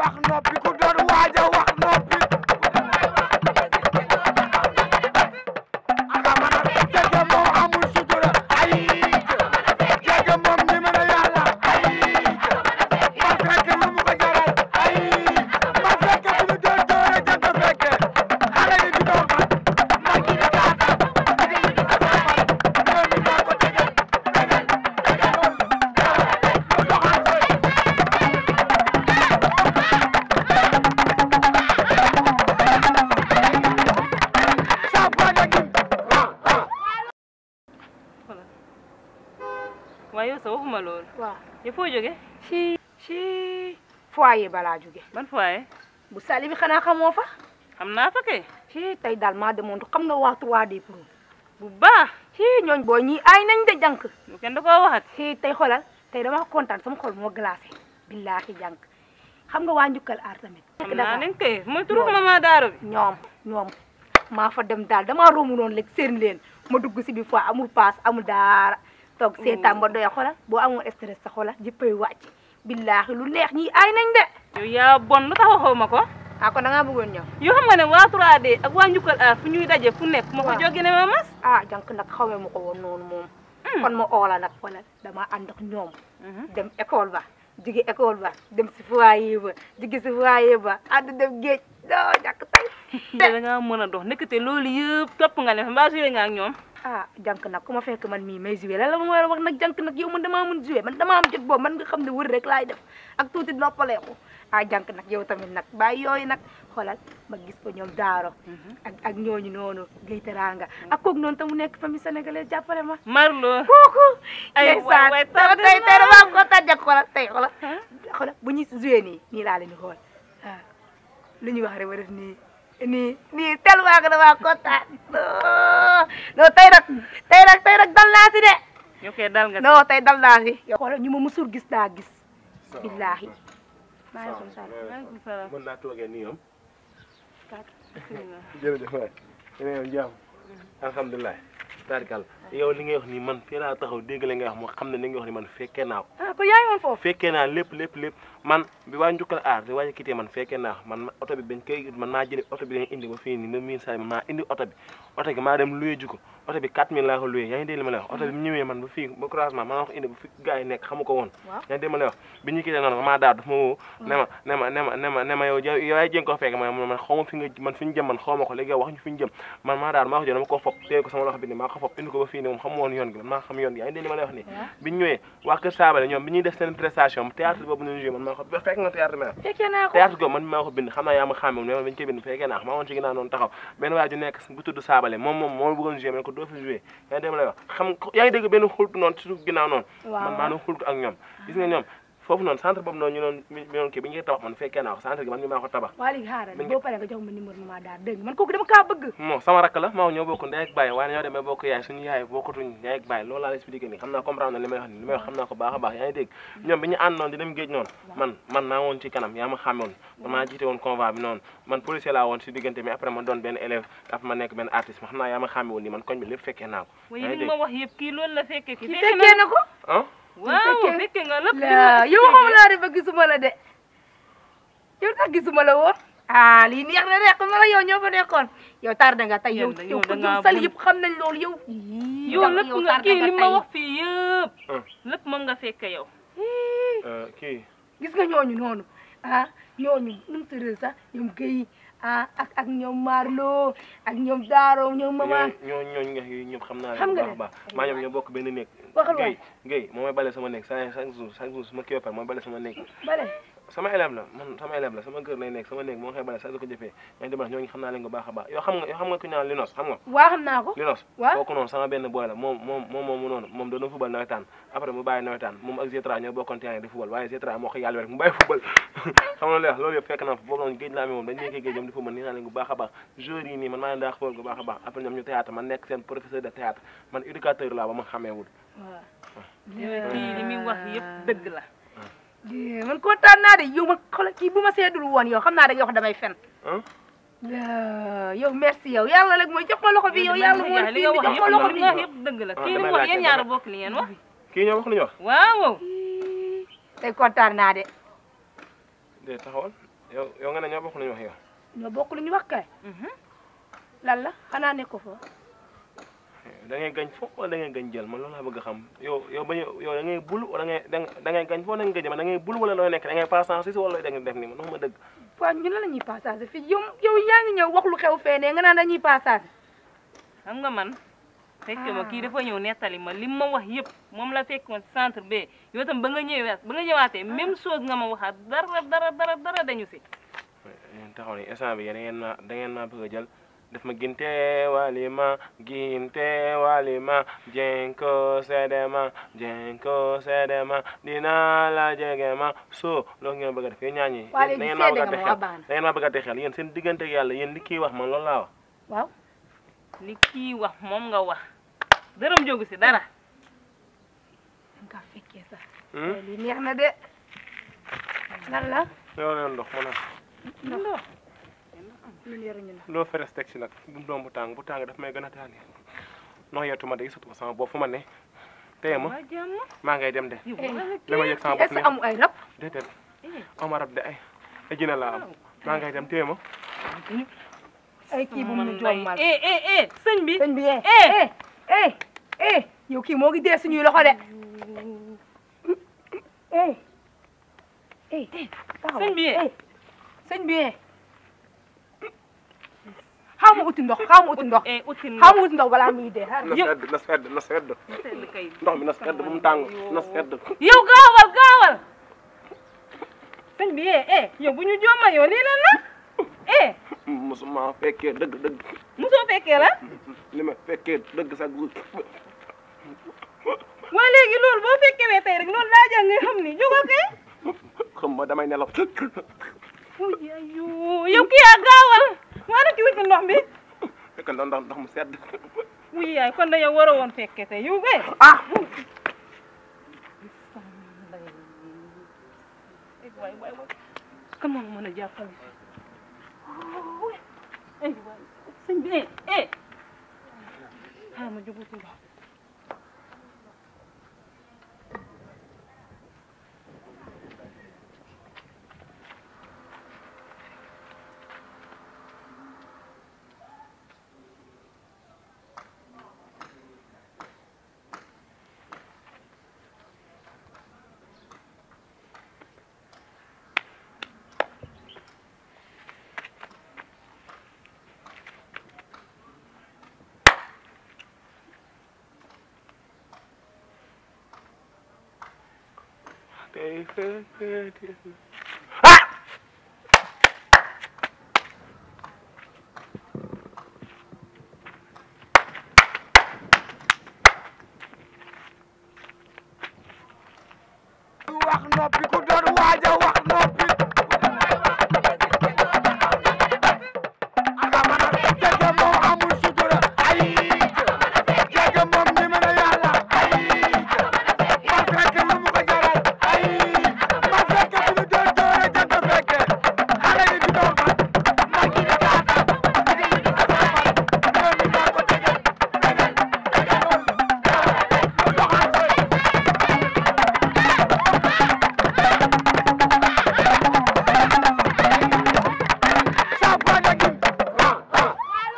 wax noppi ku doon waaja wax waaw yow foo jógee. ci ci foyer balaa jóge ban foyer. bu sali bi xanaa xamoo fa. xam naa fa kay. ci tey daal maa demoon xam nga waa 3D bu baa ci ñooñ booy ñii ay nañ de jànk. bu da koo waxat. ci tey xoolal tey dama kontaan sama xol moo glacé. billaahi jànk xam nga waa Njukkal aar tamit. xam naa nañ kay mooy turu mama daaro bi. ñoom ñoom maa fa dem daal damaa romb noonu rek seen leen ma dugg si bi fois amul paas amul daara. toog mm. seetaan ba doya xoolal boo amoon stress sa xoolal jëppay wàcc billaahi lu neex ñi ay nañ de yaa bon lu tax waxoo ma ko ah kon da ngaa bëggoon ñëw yoo xam nga ne waa ak waa a fu ñuy daje fu nekk ma ko jóge ne ma mas ah ma ko woon noonu moom hmm. kon ma oola nag wala dama ànd ak ñoom mhm. dem école ba jóge école ba dem si foyer ba jóge si foyer ba ànd dem géej doo jàkk tey da ngaa mën a dox nekkate loolu yëpp topp nga ne mbaa suwe nga ak ñoom ah jànk nag ku ma fekk man mii may joué la la ma war a wax nag jànk nak yow man damaa mun joué man damaa am jot boobu man nga xam wër rek laay def ak tuuti noppaleeku ah jànk nag yow tamit nak bàyyi yooyu nag xoolal ma gis ko ñoom daaro ak ak ñooñu noonu liy teraanga ak kook noonu tamu nekk famille sénégalaise jàppale ma marlo kooku ay waay tey tey tey damaa ko tàjjak xoolal tey xoolal xoolal bu ñuy joué nii nii laa leen di ah lu ñuy wax rek ma def nii nii nii tellement que damaa kontaan non tey nag tey nag tey nag dal naa si de. yow kay dal nga non tey dal naa si. yow xoolal ñu ma mësul gis daa gis. billaahi. maaleykum salaam mën naa toogee nii yow. jërëjëf waay. yéen a ngi am jàmm. Mm. alhamdulilah. taarikal. yow li ngay ah, foofu. fekkee naa lépp lépp man bi waa njukkal aar di waa kitee man fekkee naa man oto bi bañ man maa jëlee oto bi dañ indi ba fii nii ba miin laa ko loué yaa ngi dégg li ma lay ma maa daaw daf ma woo mm. ne ma ne ma ne ma ko fekk man xaw ko fi ñu man maa daaw maa ko jël dama ko fopp téye ko sama loxo bi ni maa ko fopp indi ko fii ne moom xamu woon yoon gi man maa xam yoon gi yaa ngi dégg li ma bi ñu ñëwee waa Kër Saabale ñoom bi ñuy def seen prestation théâtre boobu ñu joué man maa ko fekk nga théâtre ma théâtre ko man maa ko bind xam naa yaa ma xàmme mais man bi ñu koy bind naa maa woon ci ginnaaw noonu taxaw benn waay ju nekk moom moom moo bëggoon joué man ko doo fi joué yaa ma lay wax xam yaa ngi benn xultu noonu ci suuf ginnaaw noonu man maa doon xultu ak ñoom gis nga ñoom foofu noonu centre boobu noonu ñu doon ñu doon kii man fekkee naa centre gi man ñu maa ko tabax waa léegi xaaral boo paree nga jox ma numéro ma daal dégg nga man kooku waaye ñoo demee bokk yaay suñu yaay bokkatuñ ndey ak baay naa comprendre na li may wax nii naa ko baax baax yaa ngi ñoom bi ñu ànd noonu di dem géej noonu man man naa ci kanam yaa ma xàmmewoon man man policier laa woon si diggante mi après ma doon benn élève après ma nekk waaw fekke nga lépp la yow xam naa ne ba gisuma la de yow tax la woon ah lii neex na neex na la yow ñoo fa nekkoon yow tardé nga tey yow yow ñoom sal yëpp xam nañ loolu yow. yow lépp nga fii yëpp. Ah. lépp moom yow. Euh, kii. gis nga ñooñu noonu ah ñooñu nu mu tëddee sax ñoom ah ak ak ñoom loo ak ñoom Daaro ñoom Mama. ñooñu ñooñu ñax yi ñëpp xam naa. xam nga baax baax maa ñoom ñoo bokk benn néeg. waxal waay Guèye Guèye moo may bale sama néeg chaque jour chaque ma kii ba pare mooy bale sama néeg. sama élève la man sama élève la sama kër lay nekk sama néeg moo xeebale saa su ko jëfee ñooy dimanche ñooñu xam naa leen ko baax a baax yoo xam nga yoo xam nga ku ñaan Linos xam nga waaw xam naa ko Linos kooku noonu sama benn boy la moom moom moom moomu noonu moom doon fubal nawetaan après mu bàyyi nawetaan moom ak Zetra ñoo bokkoon terrain di fubal waaye Zetra moo ko yàlla rek mu bàyyi fubal xam nga leex loolu yëpp fekk naa fa boobu noonu géej laa moom dañ nekkee géej ñoom di fubal nii naa leen ko baax a baax joueurs yi nii man maa leen daa fubal ko baax a baax après ñoom ñu théâtre man nekk seen professeur de théâtre man éducateur laa ba ma xameewul waaw li muy wax yëpp dëgg la man kontaan naa de yow ma xool kii bu ma seedul woon yow xam naa da nga damay fen yow merci yow yàlla rek mooy jox ma loxo bi yow yàlla mooy li nga wax yëpp dëgg ah, kii li wax yéen ñaar bokk li ngeen wax kii ñoo wax li ñu wax waaw tey kontaan naa de de taxawal yow yow nga ne ñoo bokk li ñu wax yow ñoo bokk li ñu wax mhm. la xanaa nekk ko foofu da ngay gañ fo wala da ngay gañ jël ma loolu laa bëgg a xam yow yow ba yow da ngay bul wala da da gañ fo da ngay gañ man da ngay bul wala looy nekk da ngay passage si wala da ngay def ni ma noonu ma dëgg waaw ñu la la ñuy passage fii yow yow yaa ngi ñëw wax lu xew feenee nga naan dañuy passage xam nga man fekk ma ah. kii dafa ñëw nettali ma li ma wax yëpp moom la fekkoon ci centre bi yow tam ba nga ñëwaat ba nga ñëwaatee ah. même chose nga ma waxaat a dara dara dara dañu si taxaw ni instant bi yéen da ngeen naa da ngeen naa bëgg a jël def ma ginte walima ginte walima jenko sedema jenko sedema dina la jegema. so lo ngeen bëgg def ñaan yi. da ngeen ma bëgg a da ngeen ma bëgg def xel, yeen seen diggante ak yàlla yéen li kii wax man loolu laa wax waaw li kii wax moom nga wax dërëm jógu si dara nga fekkee sax hmm? li neex na de lan la yow leen ndox mu naan ndox loo feres teg ci nag bu doom bu tàng bu tàng daf may gën a daane nox yeetuma de gisatuma sama bopp fu ma ne tey ma maa ngay dem de dama yëg sama bopp ne amu ay rab déedéet eh. amu maa ngay dem tey ma ay kii bu mu jommal eh eh eh sëñ bi sëñ bi eh eh. eh eh yow kii moo ngi dee suñuy loxo de eh eh bi eh sëñ bi eh Kamu ma uti ndox xaw eh, ma uti ndox. uti uti ndox balaa muy dee. yëpp na na sedd na sedd ndox mi na sedd bu mu tàng na sedd. yow gaawal gaawal. sëñ bi eh eh yow bu ñu jooma yow lii lan la eh. musuma fekkee dëgg dëgg. musoo fekkee la. li ma fekkee dëgg sax. waa léegi loolu boo fekkee tey rek loolu daa jàng xam ni jógal kay. xam ma damay nelaw. yow kii yaa gaawal. Why ci not ndox mi fekkoon doon ndox ndox mu sedd wuy yaay kon da yow waroo woon yow be ah waay waay waay kan moo mën a jàppale fi waay sëñ bi eh eh xaaral ah, ma ndox Okay.